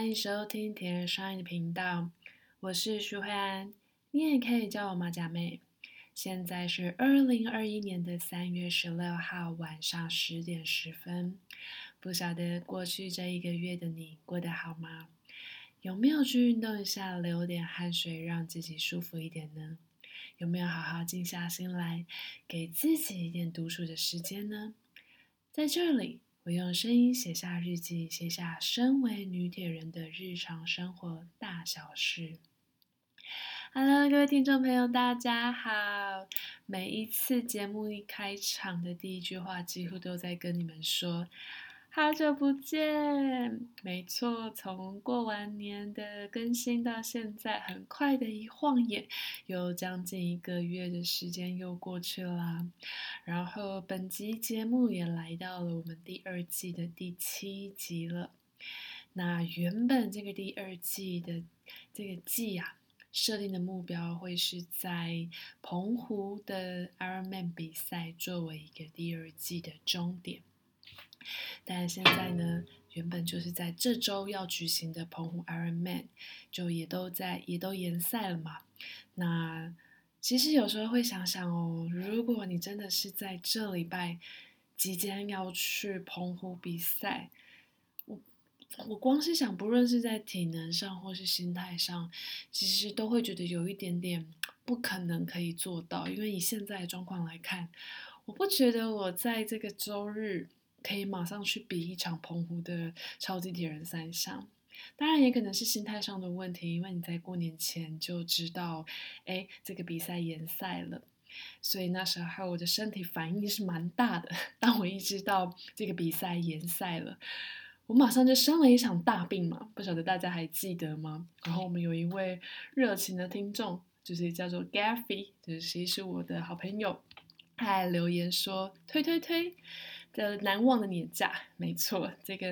歡迎收聽鐵人 Shine 的頻道，我是舒慧安，你也可以叫我馬甲妹。現在是二零二一年的三月十六號晚上十點十分。不曉得過去這一個月的你過得好嗎？有沒有去運動一下，流點汗水，讓自己舒服一點呢？有沒有好好靜下心來，給自己一點獨處的時間呢？在這裡，我用聲音寫下日記，寫下身為女鐵人的日常生活大小事。Hello，各位聽眾朋友，大家好。每一次節目一開場的第一句話，幾乎都在跟你們說。好久不見，沒錯，從過完年的更新到現在，很快的一晃眼，又將近一個月的時間又過去啦，啊。然後，本集節目也來到了我們第二季的第七集了。那原本這個第二季的這個季啊，設定的目標會是在澎湖的 Ironman 比賽，作為一個第二季的終點。但是現在呢，原本就是在這週要舉行的澎湖 Iron Man，就也都在也都延賽了嘛。那其實有時候會想想哦，如果你真的是在這禮拜即將要去澎湖比賽，我我光是想，不論是在體能上或是心態上，其實都會覺得有一點點不可能可以做到，因為以現在的狀況來看，我不覺得我在這個週日。可以馬上去比一場澎湖的超級鐵人三項，當然也可能是心態上的問題，因為你在過年前就知道，哎，這個比賽延賽了，所以那時候我的身體反應是蠻大的。當我一知道這個比賽延賽了，我馬上就生了一場大病嘛，不曉得大家還記得嗎？然後我們有一位熱情的聽眾，就是叫做 Gaffy，就是誰是我的好朋友，他還留言說：“推推推。”的難忘的年假，沒錯，這個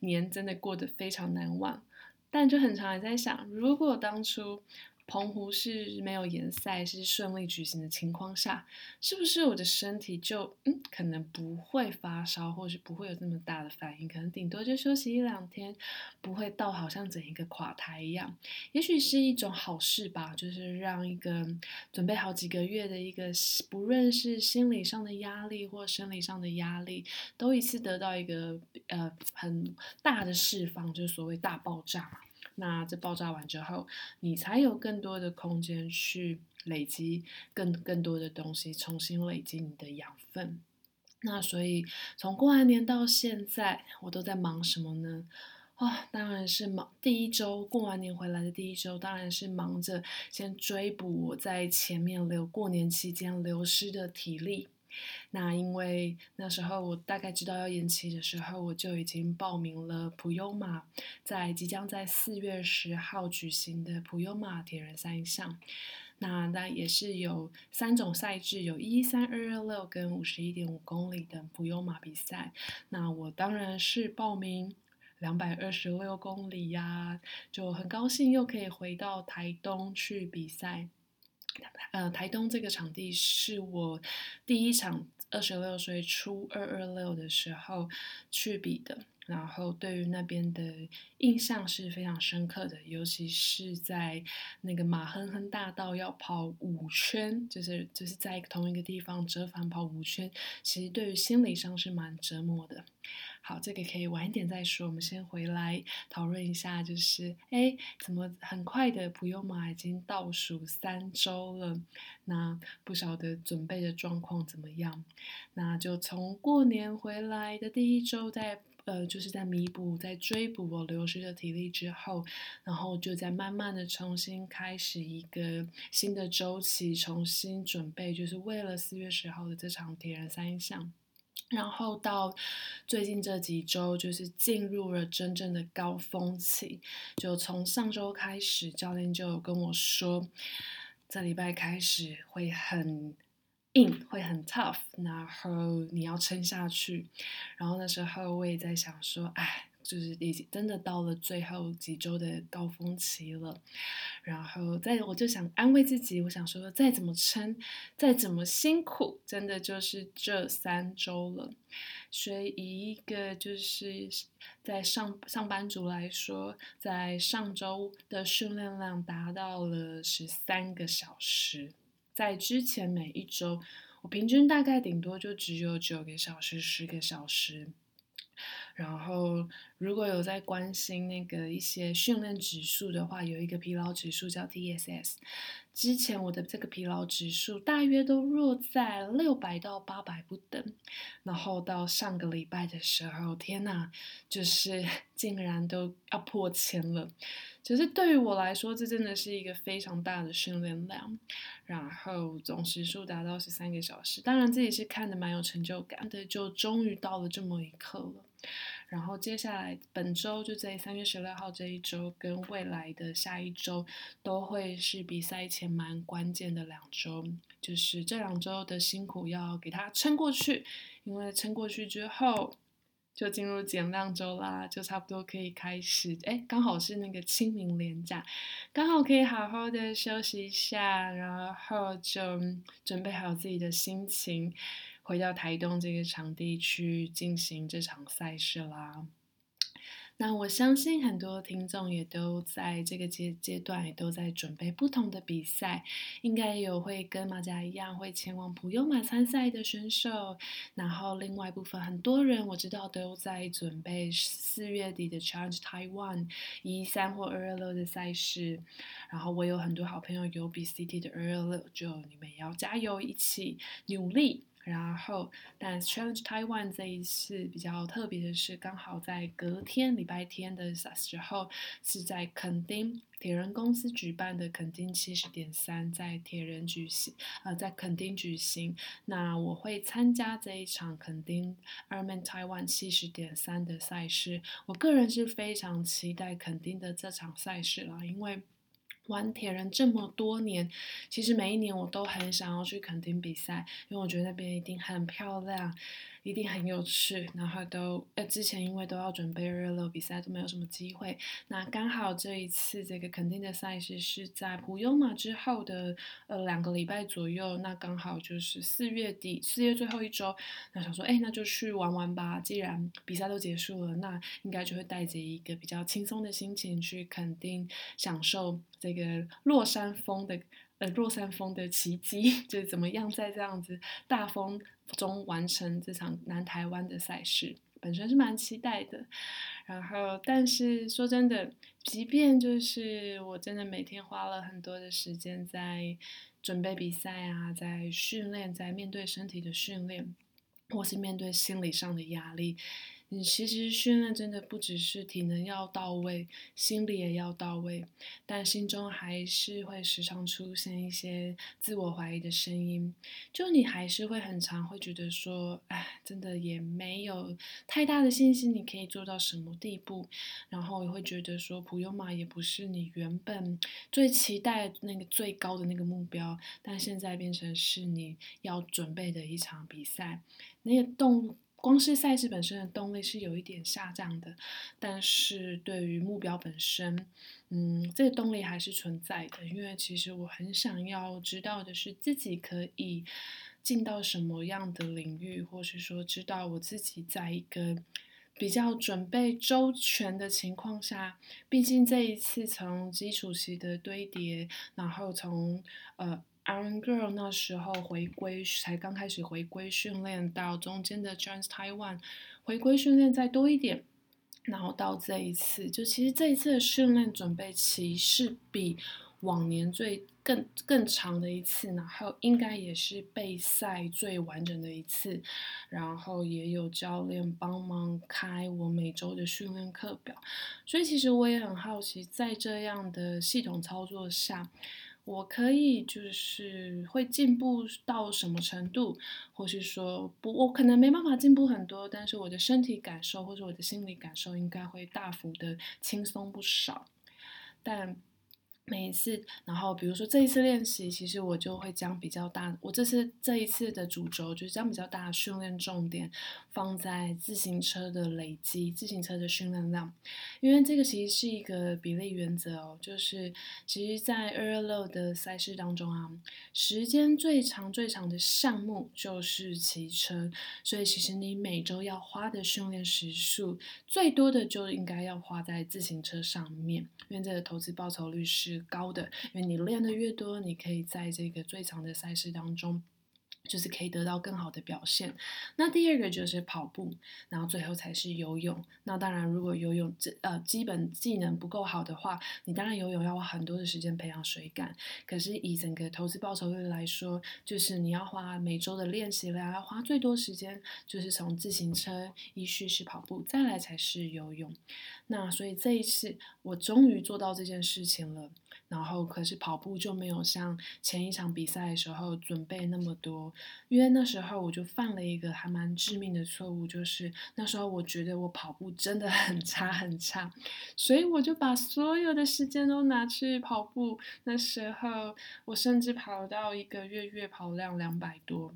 年真的過得非常難忘。但就很常還在想，如果當初。澎湖是沒有延賽，是順利舉行的情況下，是不是我的身體就嗯，可能不會發燒，或者是不會有這麼大的反應，可能頂多就休息一兩天，不會到好像整一個垮台一樣。也許是一種好事吧，就是讓一個準備好幾個月的一個，不論是心理上的壓力或生理上的壓力，都一次得到一個呃，很大的釋放，就是所謂大爆炸。那這爆炸完之後，你才有更多的空間去累積更更多的東西，重新累積你的養分。那所以從過完年到現在，我都在忙什麼呢？啊、哦，當然是忙。第一週過完年回來的第一週，當然是忙着先追補我在前面流過年期間流失的體力。那因為那時候我大概知道要延期的時候，我就已經報名了普悠瑪。在即將在四月十號舉行的普悠瑪鐵人三項，那它也是有三種賽制，有一三二二六跟五十一點五公里的普悠瑪比賽，那我當然是報名兩百二十六公里呀，啊，就很高興又可以回到台東去比賽。呃，台東這個場地是我第一場二十六歲初二二六的時候去比的，然後對於那邊的印象是非常深刻的，尤其是在那個馬亨亨大道要跑五圈，就是就是在同一個地方折返跑五圈，其實對於心理上是蠻折磨的。好，這個可以晚一點再說。我們先回來討論一下，就是哎，怎麼很快的，朋友們已經倒數三週了。那不曉得準備的狀況怎麼樣？那就從過年回來的第一週在，在呃，就是在彌補、在追補我流失的體力之後，然後就在慢慢的重新開始一個新的週期，重新準備，就是為了四月十號的這場鐵人三項。然後到最近這幾周，就是進入了真正的高峰期。就從上周開始，教練就有跟我說，這禮拜開始會很硬，會很 tough，然後你要撐下去。然後那時候我也在想說，哎。就是已經真的到了最後幾周的高峰期了，然後再我就想安慰自己，我想說再怎麼撐，再怎麼辛苦，真的就是這三周了。所以一個就是在上上班族來說，在上周的訓練量達到了十三個小時，在之前每一周，我平均大概頂多就只有九個小時、十個小時。然後，如果有在關心那個一些訓練指數的話，有一個疲勞指數叫 TSS。之前我的這個疲勞指數大約都落在六百到八百不等。然後到上個禮拜的時候，天吶，就是竟然都要、啊、破千了！其實對於我來說，這真的是一個非常大的訓練量。然後總時數達到十三個小時，當然自己是看的蠻有成就感的，就終於到了這麼一刻了。然後接下來本周就在三月十六號這一周，跟未來的下一周，都會是比賽前蠻關鍵的兩周，就是這兩周的辛苦要給他撐過去，因為撐過去之後，就進入減量周啦，就差不多可以開始，誒，剛好是那個清明連假，剛好可以好好的休息一下，然後就準備好自己的心情。回到台東這個場地去進行這場賽事啦。那我相信很多聽眾也都在這個階階段也都在準備不同的比賽，應該有會跟馬甲一樣會前往普悠馬參賽的選手，然後另外一部分很多人我知道都在準備四月底的 Charge Taiwan 一三或二 a r l 的賽事，然後我有很多好朋友有比 CT 的二 a r l 就你們也要加油，一起努力。然後，但 Challenge Taiwan 這一次比較特別的是，剛好在隔天禮拜天的時候，是在墾丁鐵人公司舉辦的墾丁七十點三，在鐵人舉行，呃，在墾丁舉行。那我會參加這一場墾丁 Ironman Taiwan 七十點三的賽事。我個人是非常期待墾丁的這場賽事了，因為。玩鐵人這麼多年，其實每一年我都很想要去墾丁比賽，因為我覺得那邊一定很漂亮，一定很有趣。然後都呃，之前因為都要準備熱力比賽，都沒有什麼機會。那剛好這一次這個墾丁的賽事是在普悠瑪之後的呃兩個禮拜左右，那剛好就是四月底四月最後一周。那想說，哎，那就去玩玩吧。既然比賽都結束了，那應該就會帶着一個比較輕鬆的心情去墾丁享受。這個落山風的，呃，落山風的奇跡，就是怎麼樣在這樣子大風中完成這場南台灣的賽事，本身是蠻期待的。然後，但是說真的，即便就是我真的每天花了很多的時間在準備比賽啊，在訓練，在面對身體的訓練，或是面對心理上的壓力。你其實訓練真的不只是體能要到位，心理也要到位，但心中還是會時常出現一些自我懷疑的聲音，就你還是會很常會覺得說，哎，真的也沒有太大的信心，你可以做到什麼地步？然後也會覺得說，普悠瑪，也不是你原本最期待那個最高的那個目標，但現在變成是你要準備的一場比賽，那些、個、動光是賽事本身的動力是有一點下降的，但是對於目標本身，嗯，這個動力還是存在的。因為其實我很想要知道的是，自己可以進到什麼樣的領域，或是說知道我自己在一個比較準備週全的情況下，畢竟這一次從基礎期的堆疊，然後從呃。Iron Girl 那時候回歸才剛開始回歸訓練，到中間的 Trans Taiwan 回歸訓練再多一點，然後到這一次，就其實這一次的訓練準備期是比往年最更更長的一次，然後應該也是備賽最完整的一次，然後也有教練幫忙開我每周的訓練課表，所以其實我也很好奇，在這樣的系統操作下。我可以就是會進步到什麼程度，或是說不，我可能沒辦法進步很多，但是我的身體感受或者我的心理感受應該會大幅的輕鬆不少，但。每一次，然後比如說這一次練習，其實我就會將比較大，我這次這一次的主軸就是將比較大的訓練重點放在自行車的累積、自行車的訓練量，因為這個其實是一個比例原則哦，就是其實在二二六的賽事當中啊，時間最長、最長的項目就是騎車，所以其實你每周要花的訓練時數最多的就應該要花在自行車上面，因為這個投資報酬率是高的，因為你練的越多，你可以在這個最長的賽事當中，就是可以得到更好的表現。那第二個就是跑步，然後最後才是游泳。那當然，如果游泳這呃，基本技能不夠好的話，你當然游泳要花很多的時間培養水感。可是以整個投資報酬率來說，就是你要花每周的練習了要花最多時間，就是從自行車、依序是跑步，再來才是游泳。那所以這一次我終於做到這件事情了。然後，可是跑步就沒有像前一場比賽的時候準備那麼多，因為那時候我就犯了一個還蠻致命的錯誤，就是那時候我覺得我跑步真的很差很差，所以我就把所有的時間都拿去跑步。那時候我甚至跑到一個月月跑量兩百多，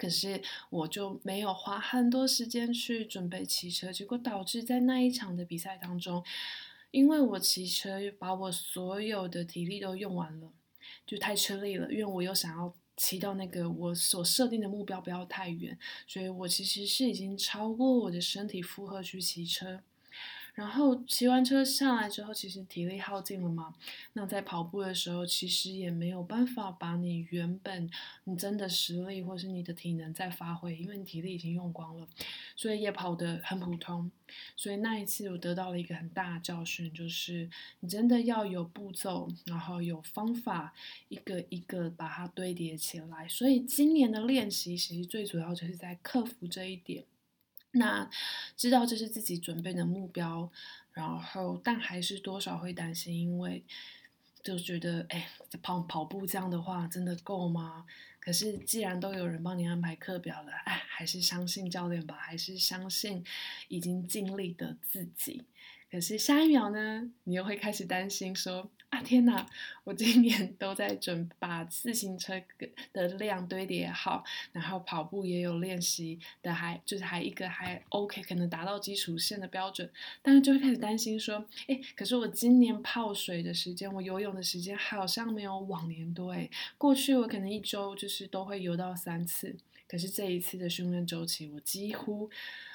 可是我就沒有花很多時間去準備騎車，結果導致在那一場的比賽當中。因為我騎車把我所有的體力都用完了，就太吃力了。因為我又想要騎到那個我所設定的目標不要太遠，所以我其實是已經超過我的身體負荷去騎車。然後騎完車上來之後，其實體力耗盡了嘛。那在跑步的時候，其實也沒有辦法把你原本你真的實力或是你的體能再發揮，因為你體力已經用光了，所以也跑得很普通。所以那一次我得到了一個很大的教訓，就是你真的要有步驟，然後有方法，一個一個把它堆疊起來。所以今年的練習，其實最主要就是在克服這一點。那知道這是自己準備的目標，然後但還是多少會擔心，因為就覺得哎，跑跑步這樣的話真的夠嗎？可是既然都有人幫你安排課表了，哎，還是相信教練吧，還是相信已經盡力的自己。可是下一秒呢，你又會開始擔心說，啊，天吶，我今年都在準備把自行車的量堆疊好，然後跑步也有練習的還，還就是還一個還 OK，可能達到基礎線的標準。但是就會開始擔心說，誒，可是我今年泡水的時間，我游泳的時間好像沒有往年多誒，過去我可能一周就是都會游到三次。可是這一次的訓練周期，我幾乎，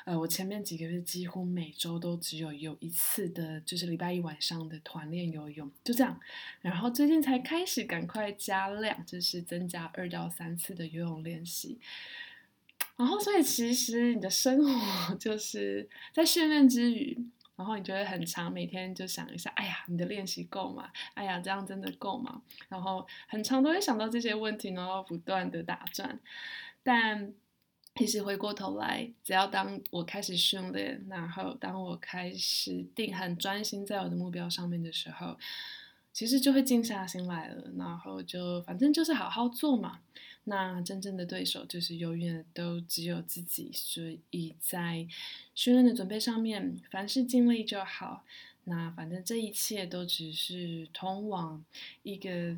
呃，我前面幾個月幾乎每周都只有有一次的，就是禮拜一晚上的團練游泳，就這樣。然後最近才開始趕快加量，就是增加二到三次的游泳練習。然後，所以其實你的生活就是在訓練之餘，然後你覺得很常，每天就想一下，哎呀，你的練習夠嗎？哎呀，這樣真的夠嗎？然後很常都會想到這些問題，然後不斷的打轉。但其實回過頭來，只要當我開始訓練，然後當我開始定很專心在我的目標上面的時候，其實就會靜下心來了。然後就反正就是好好做嘛。那真正的對手就是永遠都只有自己，所以在訓練的準備上面，凡事盡力就好。那反正這一切都只是通往一個。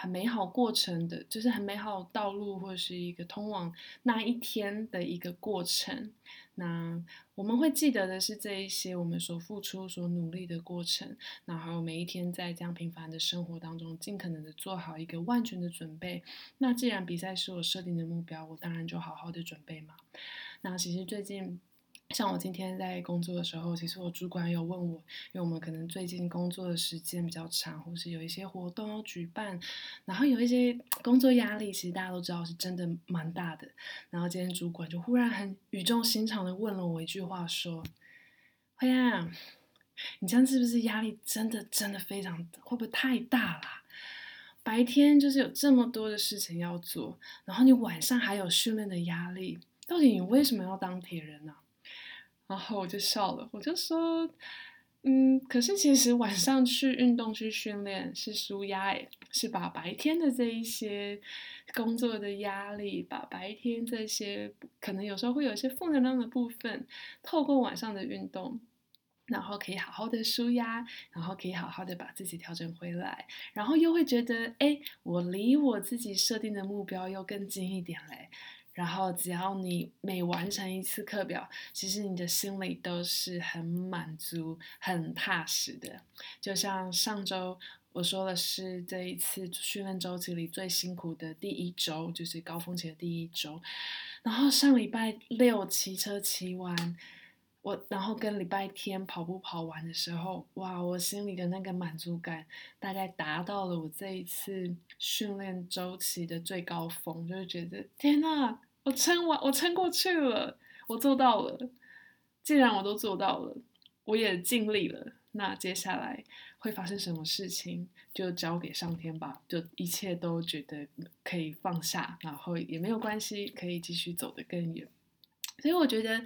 很美好過程的，就是很美好道路，或是一個通往那一天的一個過程。那我們會記得的是這一些我們所付出、所努力的過程。然後每一天在這樣平凡的生活當中，盡可能的做好一個萬全的準備。那既然比賽是我設定的目標，我當然就好好的準備嘛。那其實最近。像我今天在工作的時候，其實我主管有問我，因為我們可能最近工作的時間比較長，或是有一些活動要舉辦，然後有一些工作壓力，其實大家都知道是真的蠻大的。然後今天主管就忽然很語重心長的問了我一句話說：“唉呀、啊，你這樣是不是壓力真的真的非常，會不會太大啦、啊？白天就是有這麼多的事情要做，然後你晚上還有訓練的壓力，到底你為什麼要當鐵人呢、啊？”然後我就笑了，我就說，嗯，可是其實晚上去運動去訓練是舒壓誒，是把白天的這一些工作的壓力，把白天這些可能有時候會有一些負能量的部分，透過晚上的運動，然後可以好好的舒壓，然後可以好好的把自己調整回來，然後又會覺得，哎，我離我自己設定的目標又更近一點嘞。然後只要你每完成一次課表，其實你的心裡都是很滿足、很踏實的。就像上周我說的是這一次訓練周期裡最辛苦的第一周，就是高峰期的第一周。然後上禮拜六騎車騎完，我然後跟禮拜天跑步跑完的時候，哇，我心裡的那個滿足感大概達到了我這一次訓練周期的最高峰，就是覺得天哪！我撐完，我撐過去了，我做到了。既然我都做到了，我也盡力了，那接下來會發生什麼事情，就交給上天吧。就一切都覺得可以放下，然後也沒有關係，可以繼續走得更遠。所以我覺得。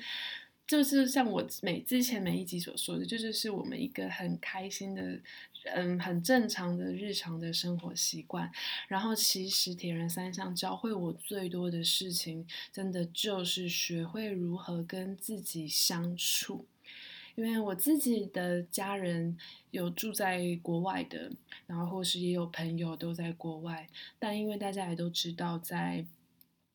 就是像我每之前每一集所說的，這就是我們一個很開心的，嗯，很正常的日常的生活習慣。然後，其實鐵人三項教會我最多的事情，真的就是學會如何跟自己相處。因為我自己的家人有住在國外的，然後或是也有朋友都在國外，但因為大家也都知道，在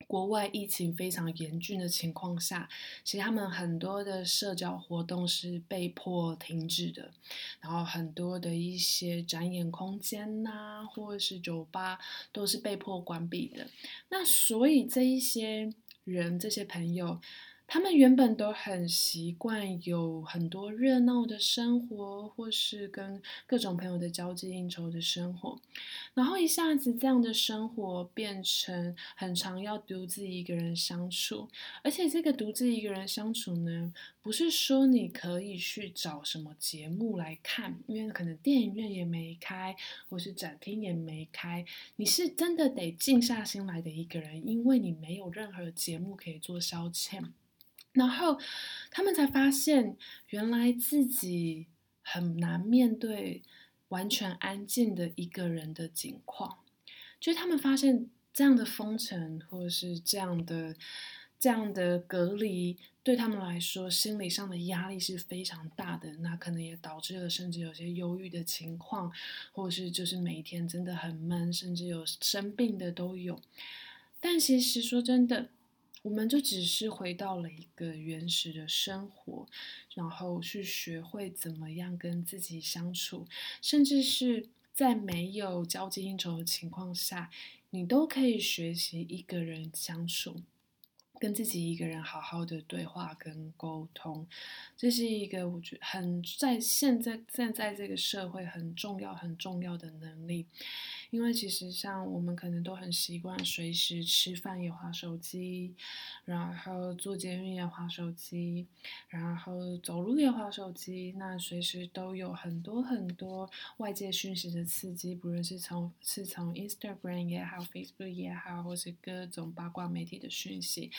國外疫情非常嚴峻的情況下，其實他們很多的社交活動是被迫停止的，然後很多的一些展演空間吶、啊，或者是酒吧都是被迫關閉的。那所以這一些人，這些朋友。他們原本都很習慣有很多熱鬧的生活，或是跟各種朋友的交際應酬的生活，然後一下子這樣的生活變成很常要獨自一個人相處，而且這個獨自一個人相處呢，不是說你可以去找什麼節目來看，因為可能電影院也沒開，或是展廳也沒開，你是真的得靜下心來的一個人，因為你沒有任何節目可以做消遣。然後他們才發現，原來自己很難面對完全安靜的一個人的情況。就是他們發現，這樣的封城，或者是這樣的、這樣的隔離，對他們來說，心理上的壓力是非常大的。那可能也導致了，甚至有些憂鬱的情況，或者是就是每一天真的很悶，甚至有生病的都有。但其實實說真的。我們就只是回到了一個原始的生活，然後去學會怎麼樣跟自己相處，甚至是在沒有交際應酬的情況下，你都可以學習一個人相處。跟自己一個人好好的對話跟溝通，這是一個我覺得很在現在現在這個社會很重要很重要的能力。因為其實像我們可能都很習慣隨時吃飯也划手機，然後坐捷運也划手機，然後走路也划手機，那隨時都有很多很多外界訊息的刺激，不論是從是從 Instagram 也好，Facebook 也好，或是各種八卦媒體的訊息。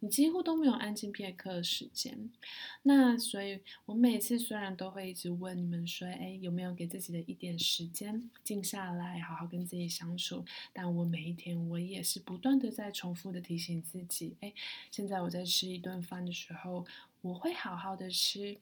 你幾乎都沒有安靜片刻的時間，那所以，我每次雖然都會一直問你們說，欸，有沒有給自己的一點時間靜下來，好好跟自己相處？但我每一天，我也是不斷的在重複的提醒自己，欸，現在我在吃一頓飯的時候，我會好好的吃，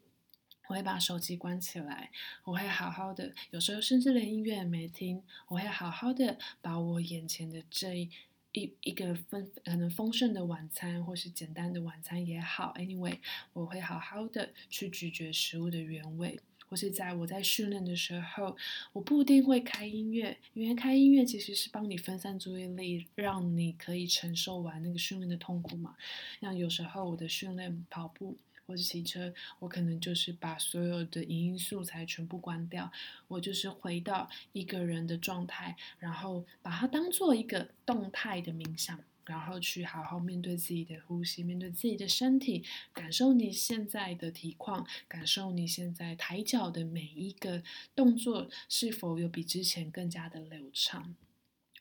我會把手機關起來，我會好好的，有時候甚至連音樂也沒聽，我會好好的把我眼前的這一。一一個豐可能豐盛的晚餐，或是簡單的晚餐也好，anyway，我會好好的去咀嚼食物的原味，或是在我在訓練的時候，我不一定會開音樂，因為開音樂其實是幫你分散注意力，讓你可以承受完那個訓練的痛苦嘛。那有時候我的訓練跑步。或者騎車，我可能就是把所有的影音素材全部關掉，我就是回到一個人的狀態，然後把它當做一個動態的冥想，然後去好好面對自己的呼吸，面對自己的身體，感受你現在的體況，感受你現在抬腳的每一個動作是否有比之前更加的流暢。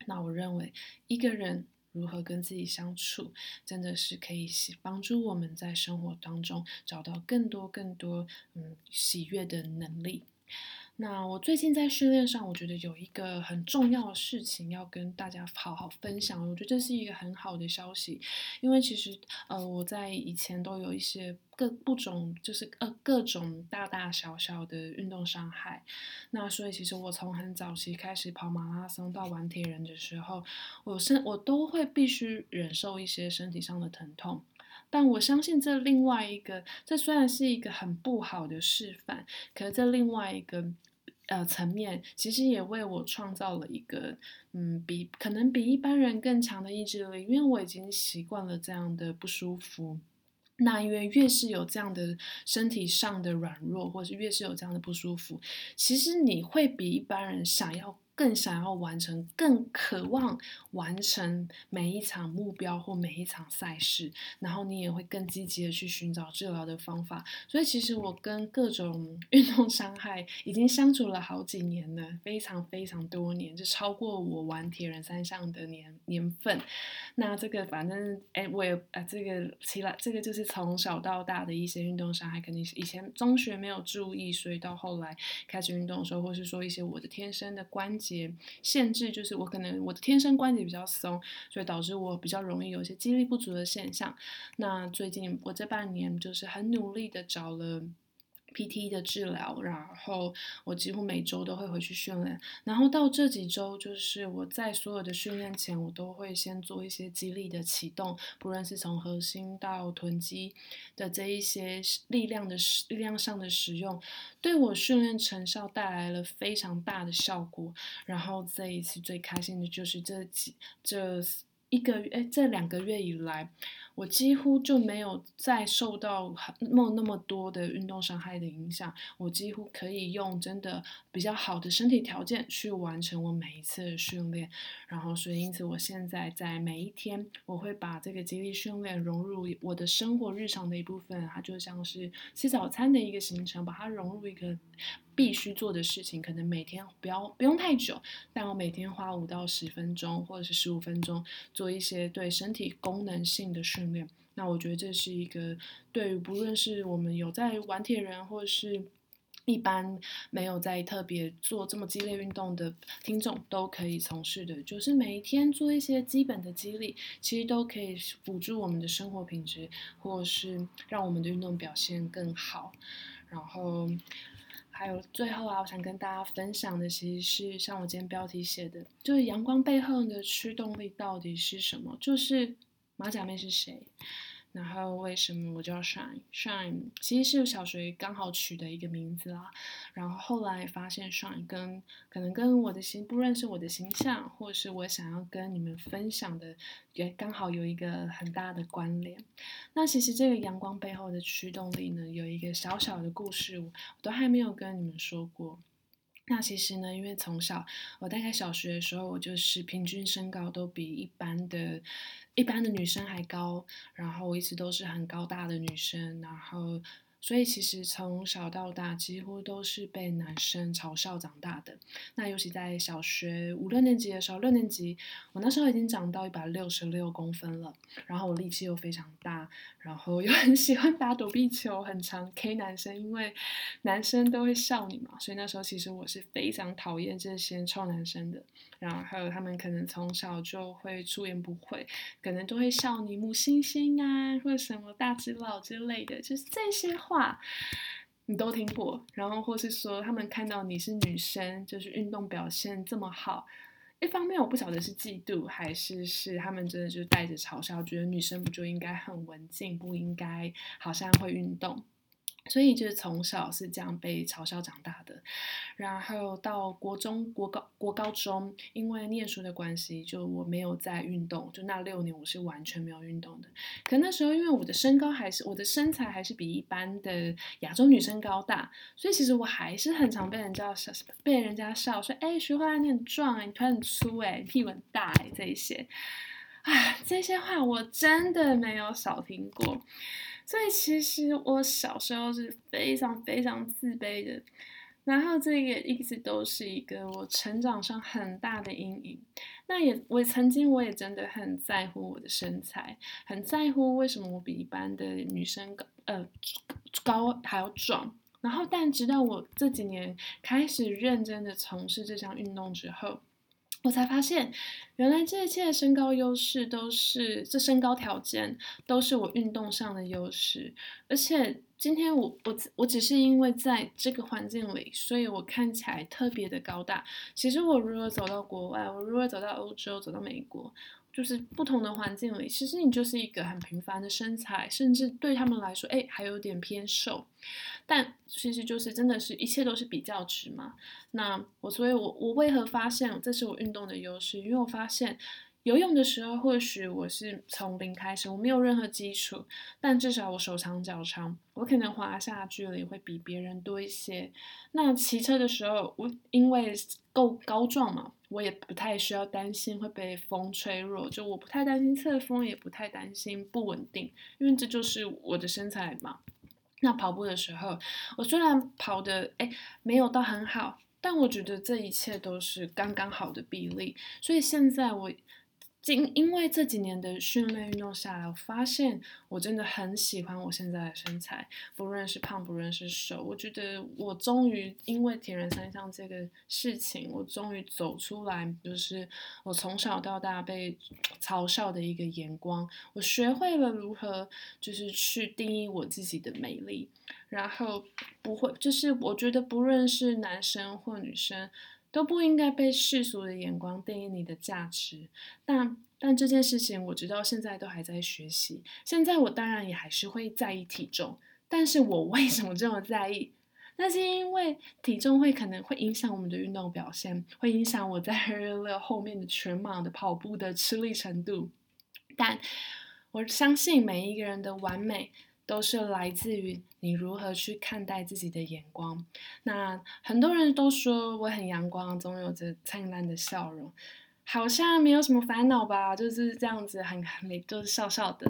那我認為一個人。如何跟自己相處，真的是可以幫助我們在生活當中找到更多更多嗯喜悅的能力。那我最近在訓練上，我覺得有一個很重要的事情要跟大家好好分享。我覺得這是一個很好的消息，因為其實呃，我在以前都有一些各不種就是呃各種大大小小的運動傷害。那所以其實我從很早期開始跑馬拉松到玩鐵人的時候，我身我都會必須忍受一些身體上的疼痛。但我相信這另外一個，這雖然是一個很不好的示範，可是這另外一個。呃，層面其實也為我創造了一個，嗯，比可能比一般人更強的意志力，因為我已經習慣了這樣的不舒服。那因為越是有這樣的身體上的軟弱，或者是越是有這樣的不舒服，其實你會比一般人想要。更想要完成，更渴望完成每一場目標或每一場賽事，然後你也會更積極的去尋找治療的方法。所以其實我跟各種運動傷害已經相處了好幾年了，非常非常多年，就超過我玩鐵人三項的年年份。那這個反正哎、欸，我也啊，這個起來，這個就是從小到大的一些運動傷害，肯定是以前中學沒有注意，所以到後來開始運動的時候，或是說一些我的天生的關節。限制就是我可能我的天生關節比較鬆，所以導致我比較容易有一些肌力不足的現象。那最近我這半年就是很努力的找了。P T 的治療，然後我幾乎每周都會回去訓練。然後到這幾週，就是我在所有的訓練前，我都會先做一些肌力的啟動，不論是從核心到臀肌的這一些力量的使力量上的使用，對我訓練成效帶來了非常大的效果。然後這一次最開心的就是這幾這一個月，誒，這兩個月以來。我幾乎就沒有再受到很，沒有那麼多的運動傷害的影響，我幾乎可以用真的比較好的身體條件去完成我每一次的訓練，然後所以因此我現在在每一天，我會把這個肌力訓練融入我的生活日常的一部分，它就像是吃早餐的一個行程，把它融入一個，必須做的事情，可能每天不要不用太久，但我每天花五到十分鐘，或者是十五分鐘，做一些對身體功能性的訓練。那我覺得這是一個對於不論是我們有在玩鐵人，或者是一般沒有在特別做這麼激烈運動的聽眾，都可以從事的，就是每一天做一些基本的肌力，其實都可以輔助我們的生活品質，或是讓我們的運動表現更好。然後。還有最後啊，我想跟大家分享的其實是像我今天標題寫的，就是陽光背後的驅動力到底是什麼？就是馬甲妹是誰？然後為什麼我叫要 Shine Shine？其實是我小學剛好取的一個名字啦。然後後來發現 Shine 跟可能跟我的形不認識我的形象，或者是我想要跟你們分享的，也剛好有一個很大的關聯。那其實這個陽光背後的驅動力呢，有一個小小的故事，我都還沒有跟你們說過。那其實呢，因為從小，我大概小學的時候，我就是平均身高都比一般的一般的女生還高，然後我一直都是很高大的女生，然後。所以其實從小到大幾乎都是被男生嘲笑長大的。那尤其在小學五六年級的時候，六年級我那時候已經長到一百六十六公分了，然後我力氣又非常大，然後又很喜歡打躲避球，很常 k 男生，因為男生都會笑你嘛，所以那時候其實我是非常討厭這些臭男生的。然後還有他們可能從小就會出言不諱，可能都會笑你母猩猩啊，或什麼大只佬之類的，就是這些。話你都聽過，然後或是說他們看到你是女生，就是運動表現這麼好，一方面我不曉得是嫉妒，還是是他們真的就帶着嘲笑，覺得女生不就應該很文靜，不應該好像會運動。所以就是從小是這樣被嘲笑長大的，然後到國中、國高、國高中，因為念書的關係，就我沒有在運動，就那六年我是完全沒有運動的。可那時候，因為我的身高還是我的身材還是比一般的亞洲女生高大，所以其實我還是很常被人家笑，被人家笑說：“哎，徐慧啊，你很壯哎，你腿很粗哎，你屁股很大哎，這些啊，這些話我真的沒有少聽過。”所以其實我小時候是非常非常自卑的，然後這個一直都是一個我成長上很大的陰影。那也我曾經我也真的很在乎我的身材，很在乎為什麼我比一般的女生高呃，高還要壯。然後但直到我這幾年開始認真的從事這項運動之後，我才發現，原來這一切的身高優勢都是這身高條件，都是我運動上的優勢。而且今天我我我只是因為在這個環境裡，所以我看起來特別的高大。其實我如果走到國外，我如果走到歐洲，走到美國。就是不同的環境裡，其實你就是一個很平凡的身材，甚至對他們來說，哎、欸，還有點偏瘦。但其實就是真的是一切都是比較值嘛。那我，我，所以我我為何發現這是我運動的優勢？因為我發現。游泳的時候，或許我是從零開始，我沒有任何基礎，但至少我手長腳長，我可能劃下距離會比別人多一些。那騎車的時候，我因為夠高壯嘛，我也不太需要擔心會被風吹弱，就我不太擔心側風，也不太擔心不穩定，因為這就是我的身材嘛。那跑步的時候，我雖然跑得哎，沒有到很好，但我覺得這一切都是剛剛好的比例，所以現在我。因因為這幾年的訓練運動下來，我發現我真的很喜歡我現在的身材，不論是胖，不論是瘦，我覺得我終於因為鐵人三項這個事情，我終於走出來，就是我從小到大被嘲笑的一個眼光，我學會了如何就是去定義我自己的美麗，然後不會就是我覺得不論是男生或女生，都不應該被世俗的眼光定義你的價值。那但這件事情，我直到現在都還在學習。現在我當然也還是會在意體重，但是我為什麼這麼在意？那是因為體重會可能會影響我們的運動表現，會影響我在熱熱後面的全馬的跑步的吃力程度。但我相信每一個人的完美。都是來自於你如何去看待自己的眼光。那很多人都說我很陽光，總有着燦爛的笑容，好像沒有什麼煩惱吧，就是這樣子很，很很都是笑笑的。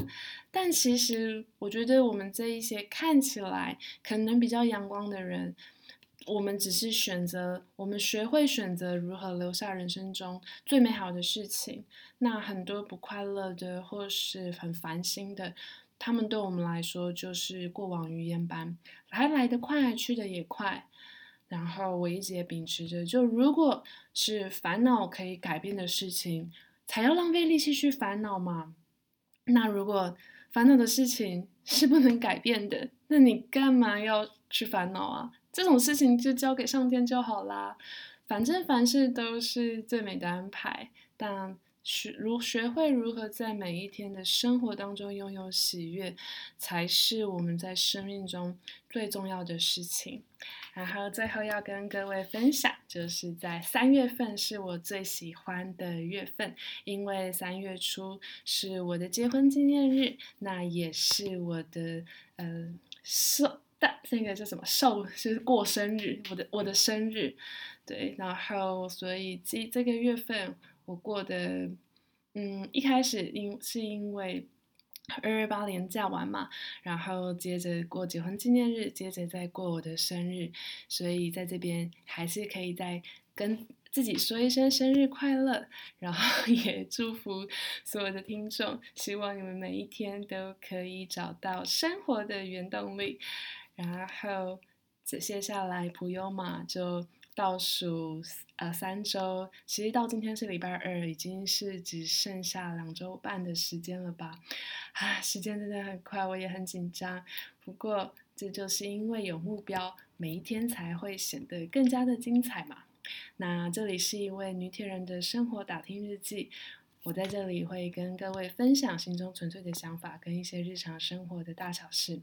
但其實我覺得我們這一些看起來可能比較陽光的人，我們只是選擇，我們學會選擇如何留下人生中最美好的事情。那很多不快樂的或是很煩心的。他們對我們來說就是過往雲煙般，來來得快，去得也快。然後我一直也秉持着，就如果是煩惱可以改變的事情，才要浪費力氣去煩惱嘛。那如果煩惱的事情是不能改變的，那你幹嘛要去煩惱啊？這種事情就交給上天就好啦。反正凡事都是最美的安排，但。學如學會如何在每一天的生活當中擁有喜悅，才是我們在生命中最重要的事情。然後最後要跟各位分享，就是在三月份是我最喜歡的月份，因為三月初是我的結婚紀念日，那也是我的呃壽的那個叫什麼壽，是過生日，我的我的生日。對，然後所以這這個月份。我過的，嗯，一開始因是因為二月八連假完嘛，然後接着過結婚紀念日，接着再過我的生日，所以在這邊還是可以再跟自己說一聲生日快樂，然後也祝福所有的聽眾，希望你們每一天都可以找到生活的原動力，然後這接下來普悠瑪就。倒數啊、呃、三週，其實到今天是禮拜二，已經是只剩下兩周半的時間了吧？啊，時間真的很快，我也很緊張。不過，這就是因為有目標，每一天才會顯得更加的精彩嘛。那這裡是一位女鐵人的生活打聽日記，我在這裡會跟各位分享心中純粹的想法跟一些日常生活的大小事。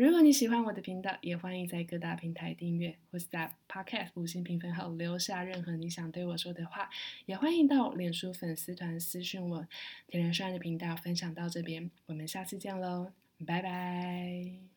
如果你喜歡我的頻道，也歡迎在各大平台訂閱，或是在 Podcast 五星評分後留下任何你想對我說的話。也歡迎到臉書粉絲團私訊我。鐵人 Shine 的頻道分享到這邊，我們下次見嘍，拜拜。